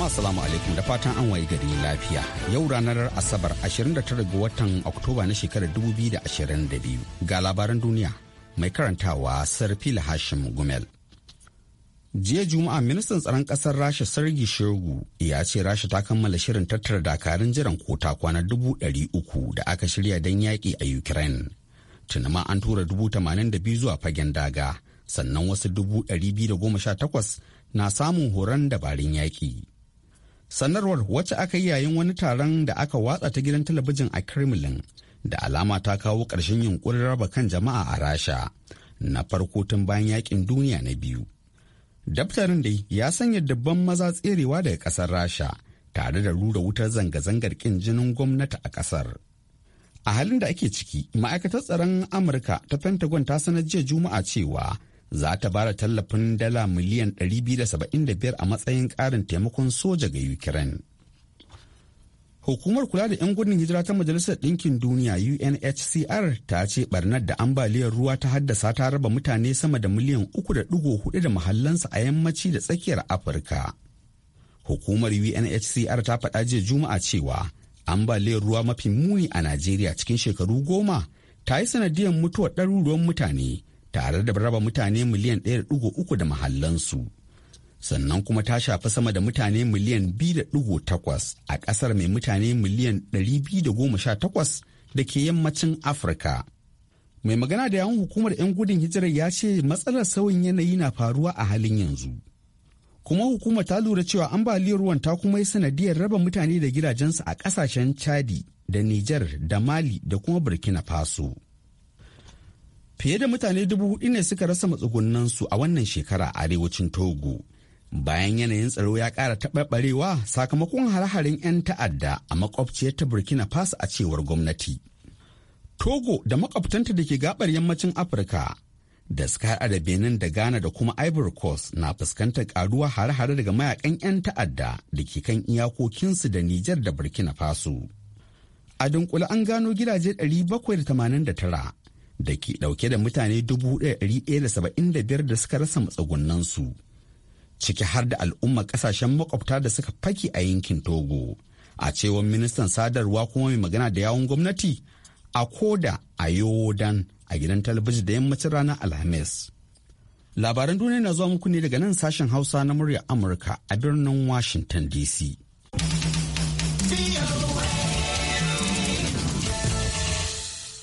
jama'a salamu alaikum da fatan an waye gari lafiya. Yau ranar Asabar 29 ga watan Oktoba na shekarar 2022 ga labaran duniya mai karantawa Sarfila Hashim Gumel. Jiya Juma'a ministan tsaron kasar Rasha sargi Shoigu ya ce Rasha ta kammala shirin tattara dakarun jiran kota kwana dubu da aka shirya don yaƙi a Ukraine. Tunama an tura dubu tamanin da biyu zuwa fagen daga sannan wasu dubu dari biyu da goma sha takwas na samun horon dabarun yaƙi. sanarwar wacce aka yi yayin wani taron da aka watsa ta gidan talabijin a kremlin da alama ta kawo ƙarshen yunkurin raba kan jama'a a rasha na farko tun bayan yakin duniya na biyu daftarin dai ya sanya dabban maza tserewa daga ƙasar rasha tare da rura wutar zanga-zangar ƙin jinin gwamnati a ƙasar a halin da ake ciki ma'aikatar tsaron amurka ta pentagon ta sanar jiya juma'a cewa za ta bara tallafin dala miliyan 275 a matsayin ƙarin taimakon soja ga Ukraine. Hukumar kula da 'yan gudun hijira ta Majalisar Ɗinkin Duniya UNHCR ta ce barnar da ambaliyar ruwa ta haddasa ta raba mutane sama da miliyan 3.4 da mahallansa a yammaci da tsakiyar Afirka. Hukumar UNHCR ta faɗa jiya Juma'a cewa ambaliyar ruwa mafi muni a Najeriya cikin shekaru goma ta yi sanadiyar mutuwar ɗaruruwan mutane tare da raba mutane miliyan 1.3 da mahallansu sannan kuma ta shafi sama da mutane miliyan biyu da 2.8 a ƙasar mai mutane miliyan ɗari biyu da da ke yammacin afirka mai magana da yawon hukumar 'yan gudun hijirar ya ce matsalar sauyin yanayi na faruwa a halin yanzu kuma hukumar ta lura cewa ambaliyar ruwan ta kuma yi sanadiyar raba mutane da gidajensu a ƙasashen chadi da niger da mali da kuma burkina faso Fiye da mutane dubu hudu ne suka rasa matsugunansu a wannan shekara a arewacin Togo. Bayan yanayin tsaro ya kara taɓarɓarewa sakamakon hare-haren 'yan ta'adda a makwabciyar ta Burkina Faso a cewar gwamnati. Togo da makwabtanta da ke gabar yammacin Afirka da suka haɗa da Benin da Ghana da kuma Ivory Coast na fuskantar ƙaruwa hare-hare daga mayakan 'yan ta'adda da ke kan iyakokinsu da Nijar da Burkina Faso. A dunkule an gano gidaje 789 da ke dauke da mutane 1,175 da da biyar suka rasa su. ciki har da al'umma kasashen makwabta da suka faki a yankin togo a cewar ministan sadarwa kuma mai magana da yawon gwamnati a koda a yodan a gidan talabijin da yammacin ranar alhamis labaran duniya na zuwa muku ne daga nan sashen hausa na muryar amurka a birnin washington dc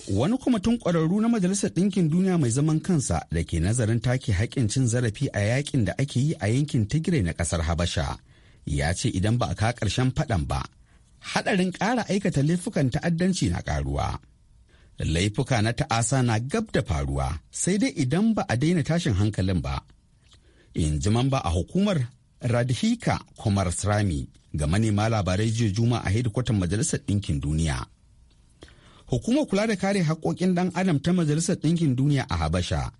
Wani kwamitin ƙwararru na Majalisar Ɗinkin Duniya mai zaman kansa da ke nazarin take haƙƙin cin zarafi a yakin da ake yi a yankin Tigray na ƙasar Habasha ya ce idan ba a ka ƙarshen faɗan ba, haɗarin ƙara aikata laifukan ta'addanci na ƙaruwa. Laifuka na ta'asa na gab da faruwa sai dai idan ba a daina tashin hankalin ba. In ji ba a hukumar Radhika Kumar Srami ga manema labarai jiya Juma'a a hedikwatar Majalisar Ɗinkin Duniya. hukumar kula da kare haƙoƙin ɗan adam ta majalisar ɗinkin duniya a habasha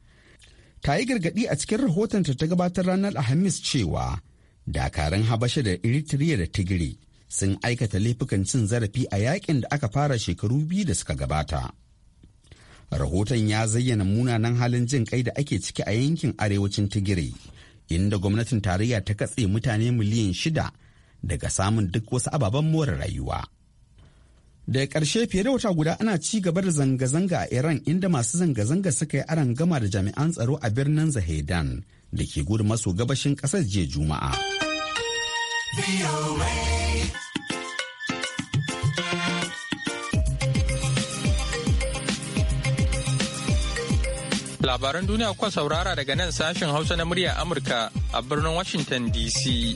ta yi gargaɗi a cikin rahotonta ta gabatar ranar alhamis cewa dakarun habasha da eritrea da tigiri sun aikata laifukan cin zarafi a yakin da aka fara shekaru biyu da suka gabata rahoton ya zayyana munanan halin jin kai da ake ciki a yankin arewacin tigiri inda gwamnatin tarayya ta katse mutane miliyan shida daga samun duk wasu ababen more rayuwa da ƙarshe fiye da wata guda ana ci gaba da zanga-zanga a iran inda masu zanga-zanga suka yi aran gama da jami'an tsaro a birnin zahedan da ke gudu maso gabashin ƙasar jiya juma'a labaran duniya kuka saurara daga nan sashen hausa na murya amurka a birnin washington dc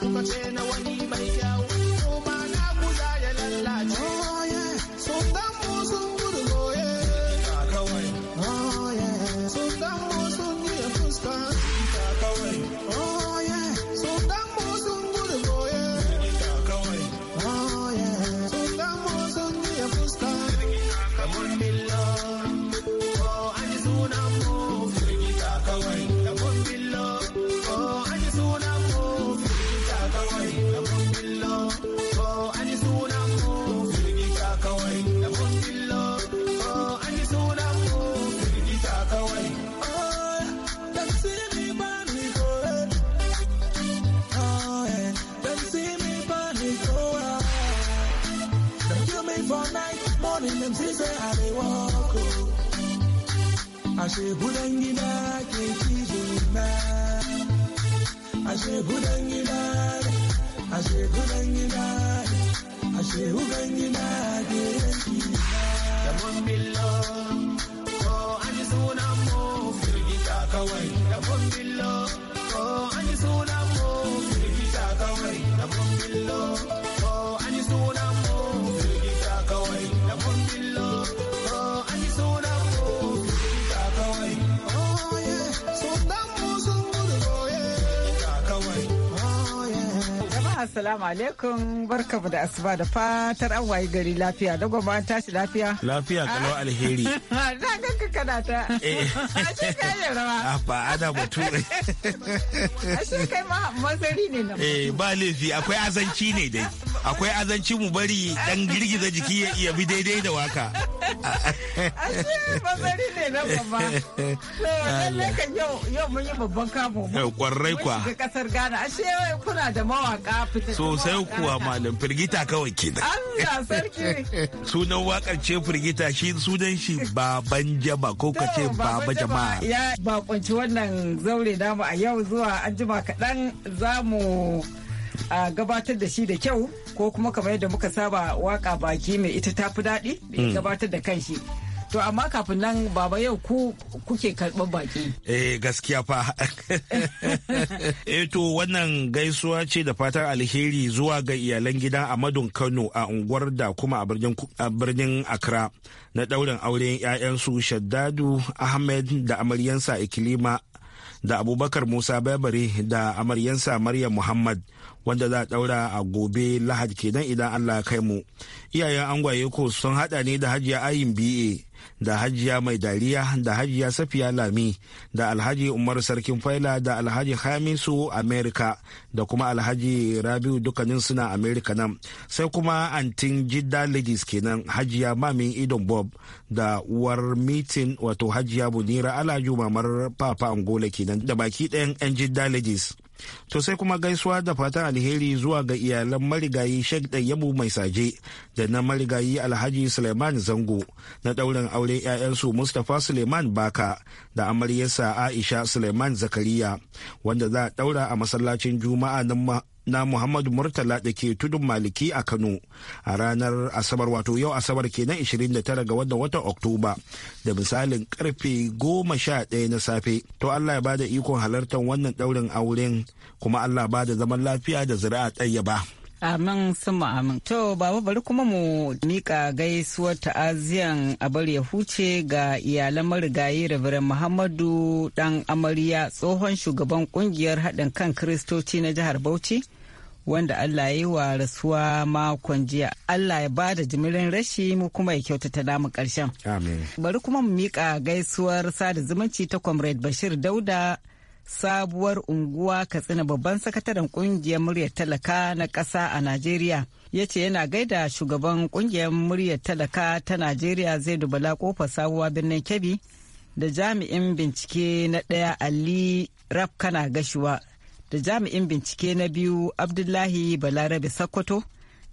Lokace na wani mai kyau. sai a dai wako ashe budan gida ke cizo na ashe budan gida ashe budan gida ashe budan gida ke yanki da mun billo ko an ji sunan mu firgita kawai da mun ko an ji sunan mu firgita kawai da mun ko an ji sunan assalamu alaikum barkamu da asuba da fatar an wayi gari lafiya da ta tashi lafiya. Lafiya kalau ah. alheri. Na ganka kana ta. Eh. Ashe kai yi rawa. Ah, ba ana mutu. Ashe kai ma mazari ne na. Eh ba laifi akwai azanci ne dai. Akwai azanci mu bari dan girgiza jiki ya bi daidai da waka. Ashe mazari ne na gwamma. Lallai kan yau mun yi babban kamo. Eh, kwarai kwa. Mun kasar Ghana. Ashe kuna da mawaka sosai kuwa malam firgita kawai kenan da sunan wakar ce firgita shi sunan shi baban jama ko ka ce baba jama'a ya bakunci wannan zaure damu a yau zuwa an jima kaɗan za mu a gabatar da shi da kyau ko kuma kamar yadda muka saba waka baki mai ita tafi daɗi hmm. gabatar da kanshi. To amma kafin nan baba yau ku kuke karɓar baki. Eh gaskiya fa. eh to wannan gaisuwa ce da fatan alheri zuwa ga iyalan gidan Amadun Kano a unguwar da kuma a birnin Accra na ɗaurin auren 'ya'yansu Shaddadu Ahmed da amaryansa Ikilima da Abubakar Musa Babare da amaryansa Maryam Muhammad wanda za a daura a gobe lahadi kenan idan allah ya kai mu iyayen angwaye ko sun hada ne da hajiya ayin ba da hajiya mai dariya da hajiya safiya lami da alhaji umar sarkin faila da alhaji hamisu america da kuma alhaji rabiu dukkanin suna america nan sai kuma antin jidda ladies kenan hajiya mamin idon bob da uwar mitin wato hajiya bunira alaju mamar papa angola kenan da baki ɗayan yan jidda ladies To sai kuma gaisuwa da fatan alheri zuwa ga iyalan marigayi Sheikh Dayyabu Mai Saje da na marigayi Alhaji Suleiman Zango na ɗaurin aure 'ya'yansu Mustapha Suleiman Baka da amaryarsa Aisha Suleiman Zakariya wanda za a ɗaura a masallacin Juma'a na na Muhammadu Murtala da ke tudun Maliki a Kano a ranar Asabar wato yau Asabar kenan 29 ga wannan watan Oktoba da misalin karfe 11 na safe. To Allah ya bada ikon halartar wannan daurin auren kuma Allah bada zaman lafiya da zuri'a ba. Amin summa amin. To baba bari kuma mu mika gaisuwar ta'aziyan abar ya huce ga iyalan marigayi Rabirin Muhammadu dan amarya tsohon shugaban kungiyar haɗin kan Kiristoci na jihar Bauchi wanda Allah ya yi wa rasuwa makon jiya. Allah ya ba da jimirin rashi mu kuma ya kyautata damu karshen. Bari kuma mu miƙa gaisuwar sada zumunci ta Comrade Bashir Dauda sabuwar unguwa Katsina babban sakataren kungiyar muryar talaka na ƙasa a Najeriya. Ya ce yana gaida shugaban kungiyar muryar talaka ta Najeriya zai dubala kofar sabuwa birnin Kebbi da jami'in bincike na ɗaya Ali Rafkana Gashuwa. da jami'in bincike na biyu abdullahi balarabe sakkwato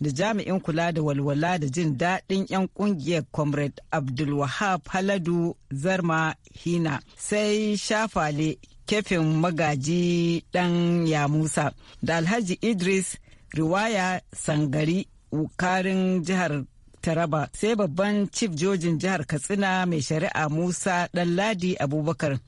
da jami'in kula da walwala da jin daɗin 'yan ƙungiyar comrade abdulwahab haladu zarma hina sai shafale kefin magaji ɗan musa da alhaji idris riwaya sangari wukarin jihar taraba sai babban cif jojin jihar katsina mai shari'a musa ladi abubakar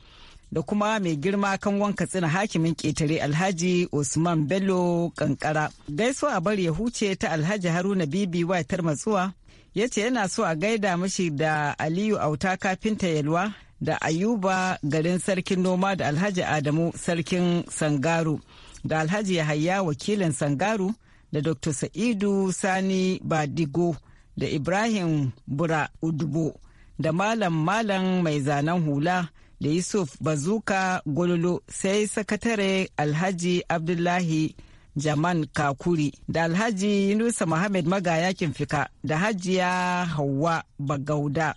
da kuma mai girma kan wanka tsina hakimin ƙetare alhaji usman bello kankara gaisuwa a bari ya huce ta alhaji haruna bibi wa matsuwa ya ce yana so a gaida mashi da aliyu auta kafinta yalwa da ayuba garin sarkin noma da alhaji adamu sarkin sangaru da alhaji yahaya wakilin sangaru da dr sa'idu sani badigo da ibrahim bura udubo da malam malam mai zanen hula da yusuf bazuka gololo sai sakatare alhaji abdullahi jaman kakuri da alhaji yunusa muhammad magayakin fika da hajiya hawa bagauda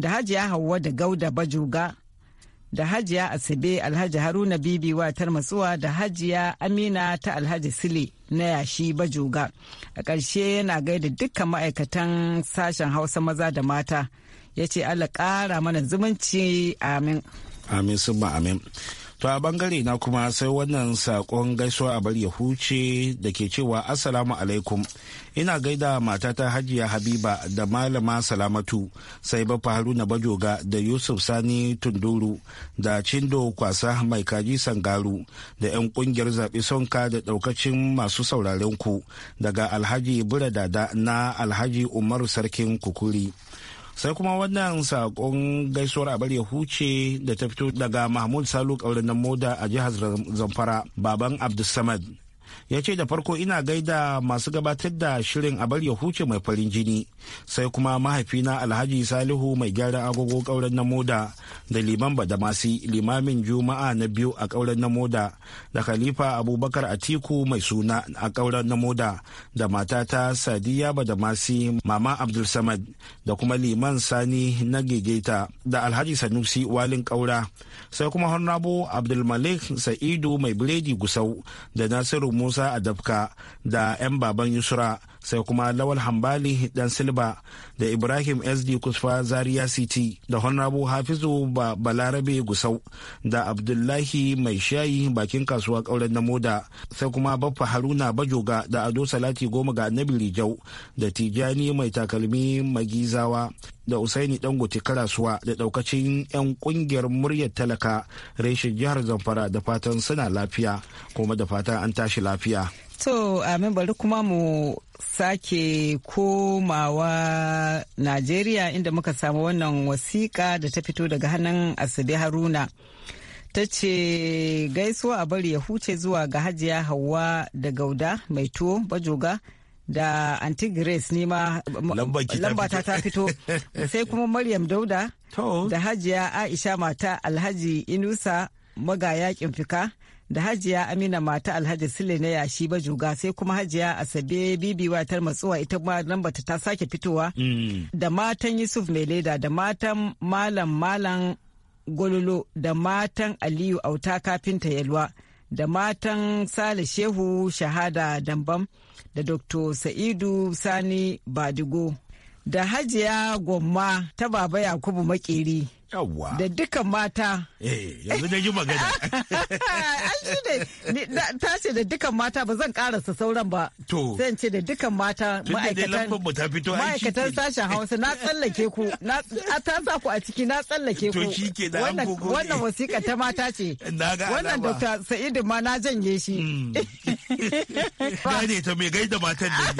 da hajiya hawa da gauda bajuga da hajiya asibe alhaji haruna bibi watar masuwa da hajiya amina ta alhaji sile na yashi bajuga a ƙarshe yana gaida dukkan ma'aikatan sashen hausa maza da mata ya ce Allah ƙara mana zumunci amin. Amin sun amin. To a bangare na kuma sai wannan sakon gaisuwa a bar ya huce da ke cewa Assalamu alaikum. Ina gaida matata Hajiya Habiba da Malama Salamatu sai Baffa Haruna Bajoga da Yusuf Sani Tunduru da Cindo Kwasa Mai Kaji Sangaru da 'yan kungiyar zaɓi sonka da ɗaukacin masu sauraren ku daga Alhaji Buradada na Alhaji Umaru Sarkin Kukuri. sai kuma wannan sakon gaisuwar abar ya huce da ta fito daga mahmud salu kaurin moda a jihar zamfara baban abdulsamad ya ce da farko ina gaida masu gabatar da shirin a ya huce mai farin jini sai kuma mahaifina alhaji salihu mai gyara agogo kauren namoda da liman badamasi limamin juma'a na biyu a kauren namoda da khalifa abubakar atiku mai suna a kauren namoda da matata sadiya badamasi mama abdul samad da kuma liman sani na gegeta da alhaji sanusi walin kaura sai kuma honrabo abdulmalik sa'idu mai biredi gusau da nasiru musa adabka da 'yan baban yusra sai kuma lawal hambali dan silba da ibrahim sd kusfa zaria city da honrabu hafizu ba balarabe gusau da abdullahi mai shayi bakin kasuwa kauren na moda sai kuma baffa haruna bajoga da ado salati goma ga annabi rijau da tijani mai takalmi magizawa da usaini dangote karasuwa da daukacin 'yan kungiyar muryar talaka reshen jihar zamfara da fatan suna lafiya kuma da fatan an tashi lafiya To, amin bari kuma mu sake komawa Najeriya inda muka samu wannan wasiƙa da ta fito daga hannun Asibe Haruna. Ta ce gaisuwa a bari ya huce zuwa ga hajiya Hauwa da Gauda mai tuwo bajoga da anti Grace ma lambata ta fito sai kuma Maryam Dauda da hajiya Aisha mata Alhaji Inusa maga yakin fika. da hajiya amina mata alhaji sule na yashi bajuga sai kuma hajiya asabe bibi ta matsuwa ita ma lamba ta sake fitowa mm. da matan yusuf mai leda da matan malam malam gololo da matan aliyu auta kafinta yalwa da matan sale shehu shahada dambam da dr sa'idu sani badigo da hajiya gwamma ta baba yakubu makeri yawwa da dukan mata eh yanzu da yi magana an shi ta ce da dukan mata ba zan karasa sauran ba to zan ce da dukan mata ma'aikatan ma'aikatan sashen hausa na tsallake ku na ta sa ku a ciki na tsallake ku wannan wasiƙa ta mata ce wannan dr sa'idu ma na janye shi hmm. gane ta mai gaida matan da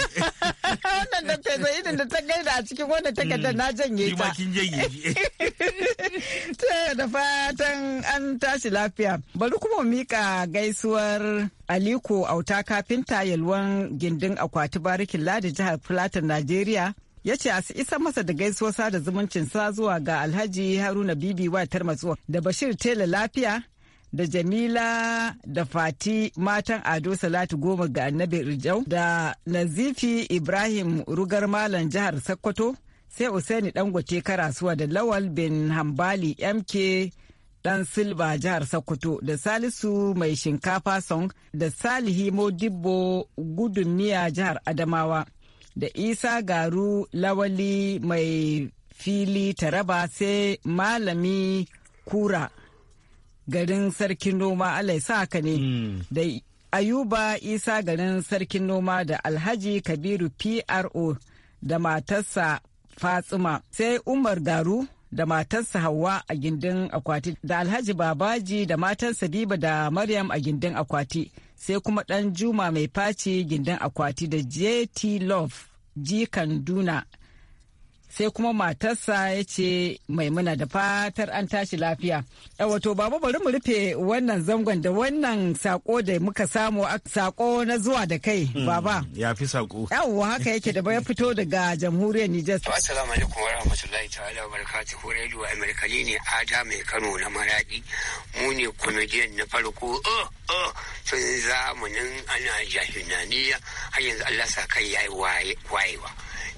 Wannan da ta zai da ta gaida a cikin wanda ta gada mm. na janye ta. kin Ta da fatan an tashi lafiya. Bari kuma mika gaisuwar Aliko Auta Kafinta Yalwan Gindin Akwati Barikin Ladi Jihar Filatin Najeriya ya ce a su isa masa da gaisuwar sada zumuncin sa zuwa ga alhaji haruna bibi wa tarmatsuwa da bashir tela lafiya da Jamila da Fati matan Ado Salatu Goma ga Annabi Rijau da Nazifi Ibrahim Rugar Malam jihar Sokoto sai Usaini Dangote Karasuwa da Lawal bin Hambali MK Dan Silba jihar Sokoto da Salisu Mai Shinkafa Song da Salihi Modibbo miya jihar Adamawa da Isa Garu Lawali Mai Fili Taraba sai Malami Kura. garin sarkin noma Allah ya haka ne hmm. da Ayuba Isa garin sarkin noma da Alhaji Kabiru PRO da matarsa Fatsima sai Umar Garu da matarsa Hauwa a gindin akwati da Alhaji Babaji da matarsa Biba da Maryam a gindin akwati sai kuma ɗan Juma mai face gindin akwati da JT Love G Kanduna sai kuma matarsa ya ce maimuna da fatar an tashi lafiya eh, wato baba bari mu rufe wannan zangon da wannan sako da muka samu sako na zuwa da kai hmm, baba ya fi sako Yawon haka yake da ya fito daga jamhuriyar nijar assalamu alaikum wa rahmatullahi ta'ala wa barakatuhu radio america ne ada mai kano na maradi mu ne komediyan na farko oh, oh, tun zamanin ana jahilaniya har yanzu allah sa kai yayi wayewa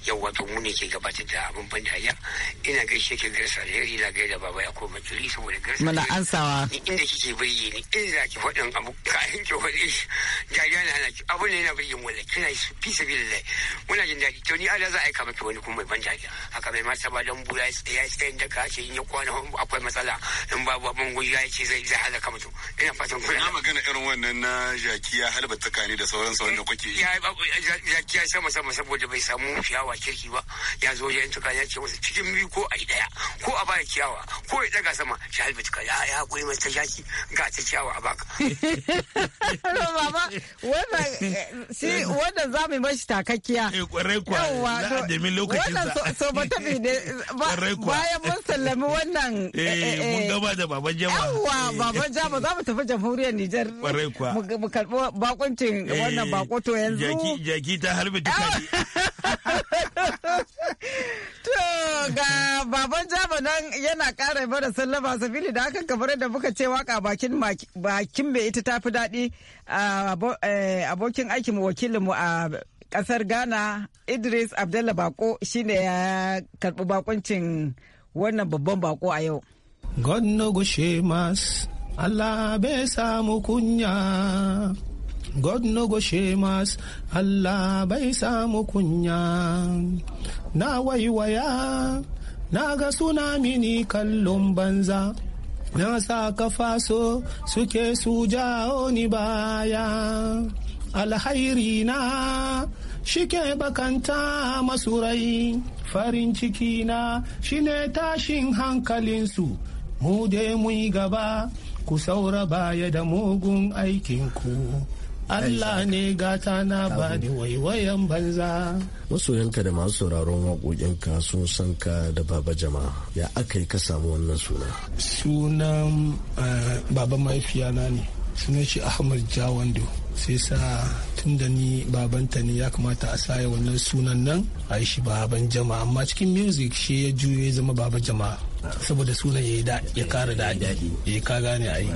yau wato mu ne ke gabatar da abin ban dariya ina gaishe ke da yari na gaida baba ya koma kiri saboda mana an ansawa ni inda kike birge ni in za ki faɗin abu kayan ki faɗi dariya na ana ki abu ne yana birge mu wallahi kina fi lai muna jin daɗi to ni ala za a kama ki wani kuma mai ban dariya haka mai ba don bura ya yi tsayin da ka ce in ya kwana akwai matsala in babu abin gwiwa ya ce zai zai halaka mutum ina fatan kuna na magana irin wannan na jakiya halbatta kani da sauransu wanda kuke yi jakiya sama sama saboda bai samu fiyawa shi ba ya zo ya intuka ya ce wasu cikin biyu ko a yi daya ko a baya ciyawa ko ya daga sama shi halbi tuka ya ya koyi mai ta shaki ga ta ciyawa a baka. Baba wannan si wannan za mu mashi takakkiya. Eh kwarai kwa za a demin lokacin sa. Wannan so ba ta ne bayan mun sallami wannan. Eh, eh, eh mun eh. gaba da baban jama. Yawwa baban jama za mu tafi jamhuriyar Nijar. Kwarai kwa. Mu karɓi bakuncin wannan bakoto yanzu. Jaki ta halbi tuka. To ga baban jaba nan yana ƙara mana sallama sabili da haka kamar da muka ce waka bakin bakin mai ita tafi daɗi eh, abokin aikin wakilinmu a ƙasar Ghana Idris Abdullah Bako shine ya karɓi bakuncin wannan babban bako a yau. God no go Allah bai samu kunya. God no go shame us, Allah bai samu kunya. Na waiwaya, na ga tsunami ni kallon banza. Na sa so suke su jawo ni baya. Alhairi na shike bakanta masurai, farin ciki na shine tashin hankalinsu. Mu dai mu gaba, ku saura baya da mugun aikinku. Allah ne gata na ba waiwayan banza. Masoyanka da masu sauraron waƙoƙinka sun san ka da Baba Jama'a. Ya aka yi ka samu wannan suna? Sunan eh, Baba mahaifiyana ne. Sunan shi Ahmad Jawando. Sai sa tun da ni babanta ne ya kamata a saya wannan sunan nan a yi shi baban jama'a amma cikin music shi ya juyo ya zama baba jama'a saboda sunan ya kara daɗi ya eh, ka gane a yi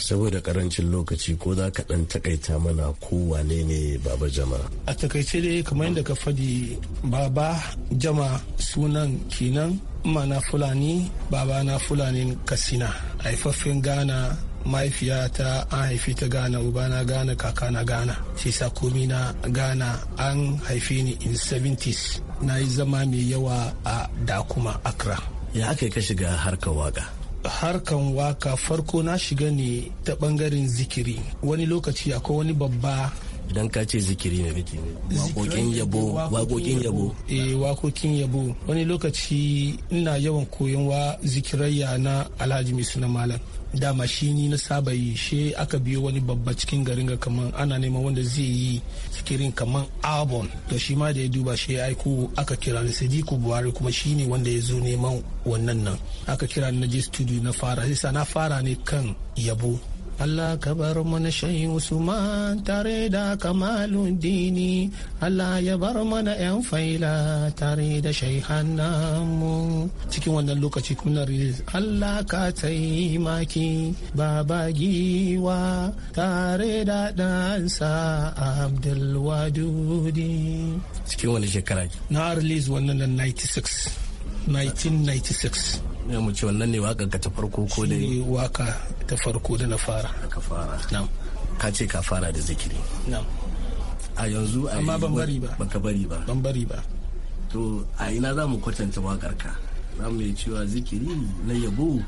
saboda karancin lokaci ko za ka dan takaita mana ko wane ne baba jama a takaice dai kamar yadda ka fadi baba jama sunan kenan mana fulani baba na fulanin kasina haifaffen ghana mahaifiyata an haifi ta ghana ubana ghana kakana gana shi komi na gana an haifi ni in 70s na yi zama mai yawa a dakuma accra ya aka ka shiga harkar waka harkan waka farko na shiga ne ta bangaren zikiri wani lokaci akwai wani babba idan ka ce zikiri ne kake wakokin yabo wakokin yabo eh wakokin yabo wani lokaci ina yawan koyon wa zikirayya na alhaji mai suna malam dama shi ni na saba yi shi aka biyo wani babba cikin garin ga kaman ana neman wanda zai yi sikirin kaman abon to shi ma da ya duba shi ya aiko aka kira ni sadiku buhari kuma shi ne wanda ya zo neman wannan nan aka kira ni na je studio na fara sai na fara ne kan yabo Allah ka bar mana shayi Usman tare da kamalun dini Allah ya bar mana yan faila tare da mu cikin wannan lokaci kuna Allah ka taimaki baba giwa tare da ɗansa Abdulwadudi cikin wani shekara na release wannan 96 1996 ne mu ce wannan ne waka ka ta farko ko da waka ta farko da na fara ka fara na'am ka ce ka fara da zikiri na'am a yanzu a amma ban bari ba baka bari ba ban bari ba to a ina za mu kwatanta wakar ka za mu yi cewa zikiri na yabo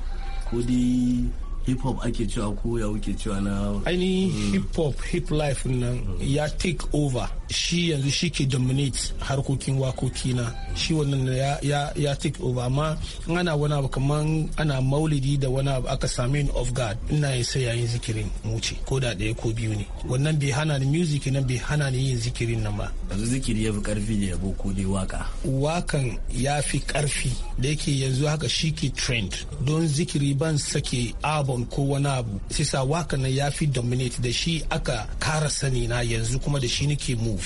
ko dai hip hop ake cewa ko ya wuke cewa na ainihin hip hop hip life nan ya take over shi yanzu shi ke dominate harkokin wakoki na shi wannan ya, ya, ya take over amma in ana wani abu kaman ana maulidi da wani abu aka same ni of god ina yin sai yayin zikirin muce ko da ɗaya ko biyu ne wannan bai hana ni music nan bai hana ni yin zikirin nan ba yanzu zikiri ya fi karfi ne yabo ko dai waka wakan ya fi karfi da yake yanzu haka shi ke trend don zikiri ban sake abon ko wani abu sisa wakan nan ya fi dominate da shi aka kara sani na yanzu kuma da shi nake move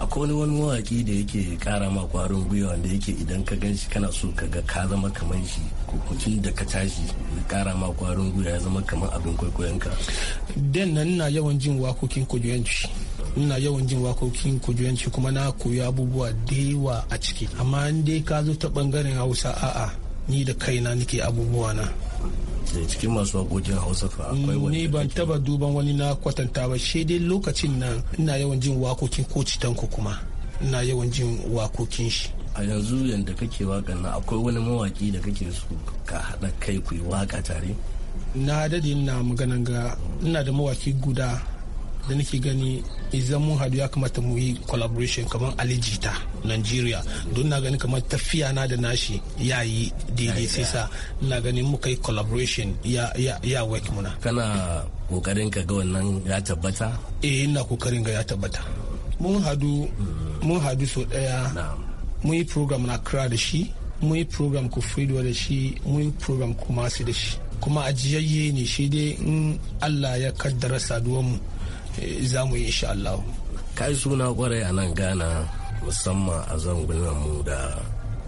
akwai wani mawaki da yake kara ma kwarin gwiwa wanda yake idan ka gan shi kana so ka ga ka zama kamar shi tun da ka tashi ya kara ma kwarin gwiwa ya zama kamar abin kwaikwayon ka den nan ina yawan jin wakokin kujuyanci ina yawan jin wakokin kujuyanci kuma na koyi abubuwa da yawa a ciki amma in dai ka zo ta bangaren hausa a'a ni da kaina nake abubuwa na da eh, cikin masu wakokin hausa fa akwai wani ne ban taba duban wani na kwatanta ba shi dai lokacin nan ina yawan jin wakokin ko citanku kuma ina yawan jin wakokin shi a yanzu yadda kake waka nan akwai wani mawaki da kake so ka haɗa kai ku yi waka tare na dade ina magana ga ina da mawaki guda da nake gani idan mun hadu ya kamata mu yi collaboration kamar alijita nigeria don na gani kamar tafiya na da nashi ya yi daidai sai sa na gani muka yi collaboration ya ya ya work muna kana kokarin ka ga wannan ya tabbata eh ina kokarin ga ya tabbata mun hadu mun hadu so daya mun yi program na kra da shi mun yi program ku freedom da shi mun yi program ku masu da shi kuma ajiyayye ne shi dai in allah ya kaddara saduwar mu za mu yi insha Allah kai suna kwarai a nan gana, musamman a zangunan mu da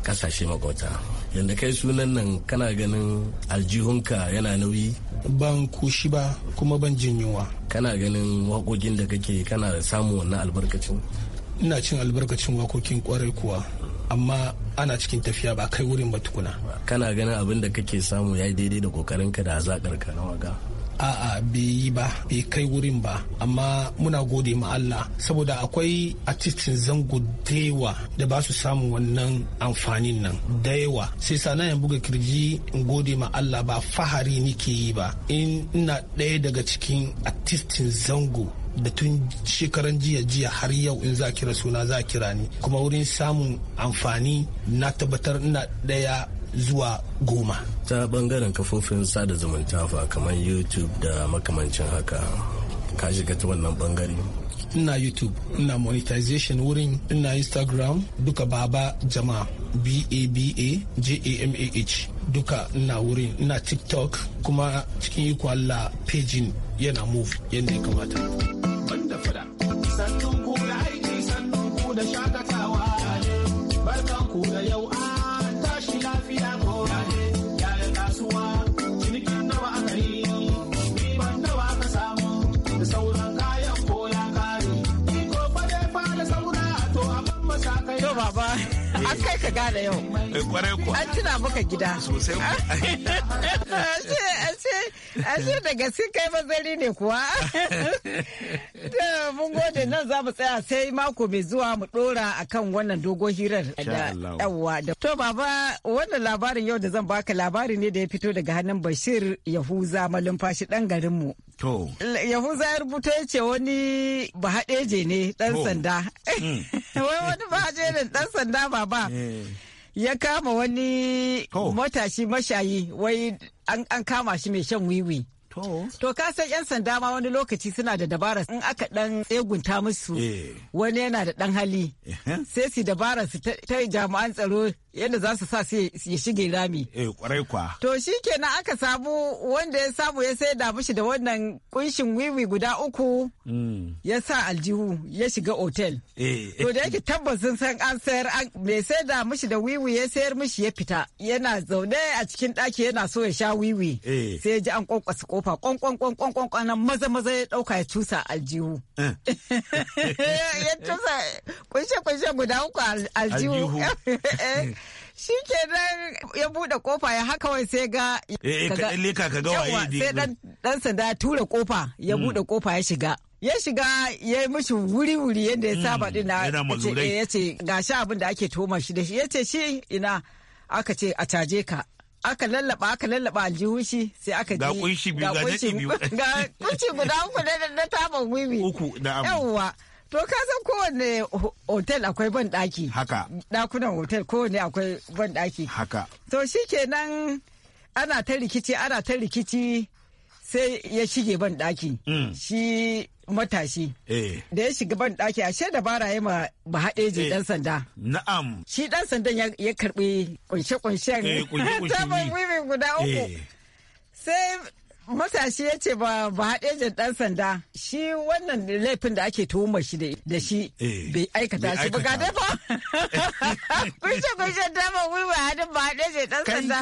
kasashe makwata yadda kai sunan nan kana ganin aljihunka yana nauyi ban kushi ba kuma ban jin yunwa kana ganin waƙoƙin da kake kana samun wannan albarkacin ina cin albarkacin waƙoƙin kwarai kuwa amma ana cikin tafiya ba kai wurin ba tukuna kana ganin abin da kake samu ya yi daidai da kokarinka da hazaƙarka na waga a'a bai yi ba bai kai wurin ba amma muna gode ma Allah saboda akwai artistin zango dewa da ba su samu wannan amfanin nan da yawa sai sana yan buga kirji in gode ma Allah ba fahari nike yi ba in ina ɗaya daga cikin artistin zango da tun shekaran jiya jiya har yau in za kira suna za kira ni kuma wurin samun amfani na tabbatar ina ɗaya zuwa goma ta bangaren kafofin sada zumunta fa kamar youtube da makamancin haka ka shiga ta wannan bangare ina youtube ina monetization wurin ina instagram duka baba jama'a b-a-b-a-j-a-m-a-h duka ina wurin ina tiktok kuma cikin yi allah pejin yana move yadda ya kamata. Banda fada, sannan aiki sannan ko shakata an kai ka gane yau. Eh, kwarai kuwa. An tuna maka gida. Sosai. Ashir da gaske kai mazari ne kuwa. Da mun gode nan za mu tsaya sai mako mai zuwa mu dora akan wannan dogon hirar da yawwa To baba wannan labarin yau da zan baka labari ne da ya fito daga hannun Bashir Yahuza malumfashi dan garin mu. To. Yahuza ya rubuta ya ce wani bahaɗeje ne dan sanda. Hmm. Wai wani bahaɗeje ne dan sanda baba. Eh. ya kama wani matashi mashayi wai an kama shi mai shan wiwi. To ka san 'yan sanda ma wani lokaci suna da dabara in aka dan tsegunta musu eh. wani yana da dan hali sai su dabara su ta jami'an tsaro yadda za su sa ya shige rami. Eh kwarai kwa. To shi kenan aka samu wanda ya samu ya sai da mushi da wannan kunshin wiwi guda uku mm. ya sa aljihu ya shiga otel. Eh. To da yake tabbas sun san an sayar mai sai da mushi da wiwi ya sayar mushi ya fita yana zaune a cikin ɗaki yana so ya sha wiwi. Eh. Sai ya ji an kwankwasa kofa kwankwan kwankwan kwankwan maza maza ya ɗauka ya cusa aljihu. Eh. Ya cusa kunshe kunshe guda uku aljihu. shi ke nan ya buɗe kofa ya haka wai sai ga eh, eh ka leka ka ga waye sai dan dan sanda tura kofa ya mm. buɗe kofa ya shiga ya shiga ya yi mishi wuri-wuri yadda ya mm. saba dina eh, ya ce ga shi abin da ake toma shi da shi ya ce shi ina aka ce a caje ka aka lallaba aka lallaba aljihun shi sai aka ji ga kunshi biyu ga kunshi guda uku na taban wiwi uku na'am yawwa To ka san kowanne hotel akwai ban daki. Haka. Dakunan hotel kowanne akwai ban daki. Haka. To shi kenan ana ta rikici ana ta rikici sai ya shige ban daki. Mm. Shi matashi. Eh. Da ya shiga ban daki ashe da bara ya ma ba je dan sanda. Na'am. Shi dan sandan ya karɓi kunshe-kunshen. Eh, kunshe-kunshe. guda uku. Eh. Sai matashi ya ce ba haɗejin ɗan sanda shi wannan laifin da ake tuhumar shi da shi eh, bai aikata shi ba gada ba kushe kushe dama gwiwa hadin ba haɗejin ɗan sanda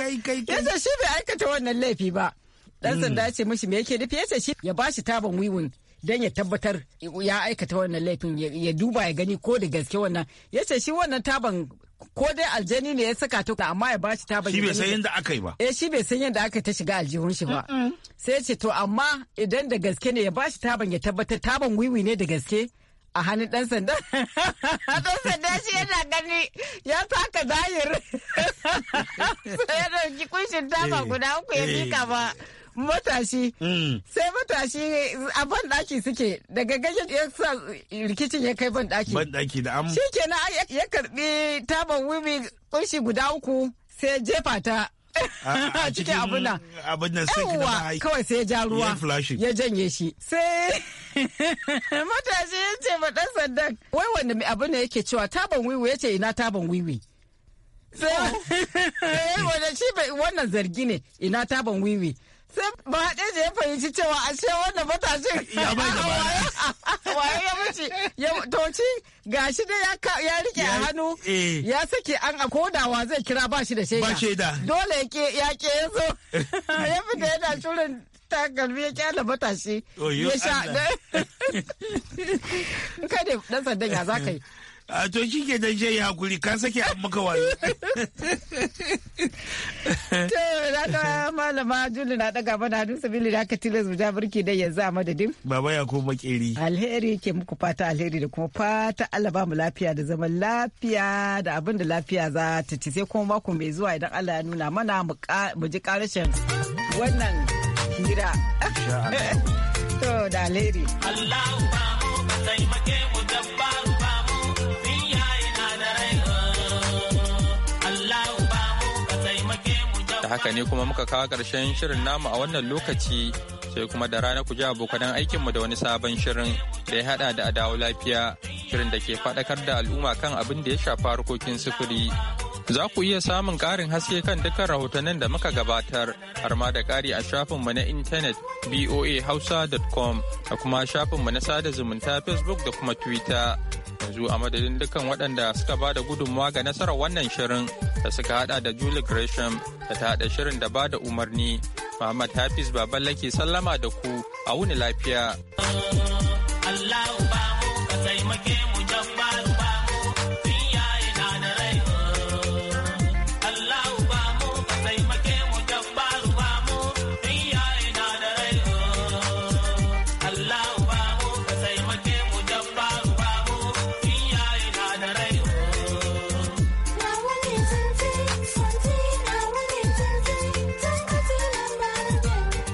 yasa shi bai aikata wannan laifi ba ɗan hmm. sanda ce mishi me yake nufi yasa shi ya ba shi taban wiwin don ya tabbatar ya aikata wannan laifin ya duba ya gani ko da gaske wannan ya ce shi wannan taban ko dai aljani ne ya saka ta amma ya bashi ta bayyana. Shi bai san yadda aka yi ba. Eh shi bai san yadda aka ta shiga aljihun shi ba. Sai ce to amma idan da gaske ne ya bashi taban ya tabbatar taban wiwi ne da gaske. a hannun dan sanda? dan sanda shi yana gani ya taka zahir Sai ya ɗauki kunshin taba eh, guda uku ya mika ba. matashi mm. sai matashi a ban daki suke daga gajen ya sa rikicin ya kai ban daki ban daki da am shikenan ya karbi taban wiwi kunshi guda uku sai jefa ta a cikin abuna nan abin nan sai kuma kawai sai ja ruwa ya janye shi sai matashi ya ce ba dan sandan wai wanda mai abuna yake cewa taban wiwi yace ina taban wiwi sai oh. wanda shi wannan zargi ne ina taban wiwi sai ba ɗaya ya fahimci cewa a ce wannan matashin ya bai da waye ya mace ya toci gashi da ya rike a hannu eh. ya sake an a wa zai kira ba shi da shaida ba shaida dole ya ke ya ya fita yana shirin ta galbi ya kyala matashi ya sha kada dan sandan ya za A to shi ke dan shi hakuri ka sake an maka wayo. To na ga malama Juli na daga mana hannun sabili da aka tilas mu ja burki dai yanzu a madadin. Baba ya ko makeri. Alheri ke muku fata alheri da kuma fata Allah ba mu lafiya da zaman lafiya da abin da lafiya za ta ci sai kuma mako mai zuwa idan Allah ya nuna mana mu ji karashin wannan hira. To da alheri. Allah ba mu mu dabbaru. Da haka ne kuma muka kawo ƙarshen shirin namu a wannan lokaci sai kuma da rana ku ji abokanan aikinmu da wani sabon shirin da ya haɗa da adawo lafiya shirin da ke faɗakar da al'umma kan abin da ya shafa harkokin sufuri. Za ku iya samun ƙarin haske kan dukkan rahotannin da muka gabatar har ma da ƙari a shafinmu na intanet boahausa.com da kuma shafinmu na sada zumunta Facebook da kuma Twitter. Yanzu a madadin dukkan waɗanda suka ba da gudunmawa ga nasarar wannan shirin da suka hada da Julie Gresham da ta hada shirin da bada umarni. Muhammad Hafiz baban ke sallama da ku a wuni lafiya. Allah ba mu ka taimake mu.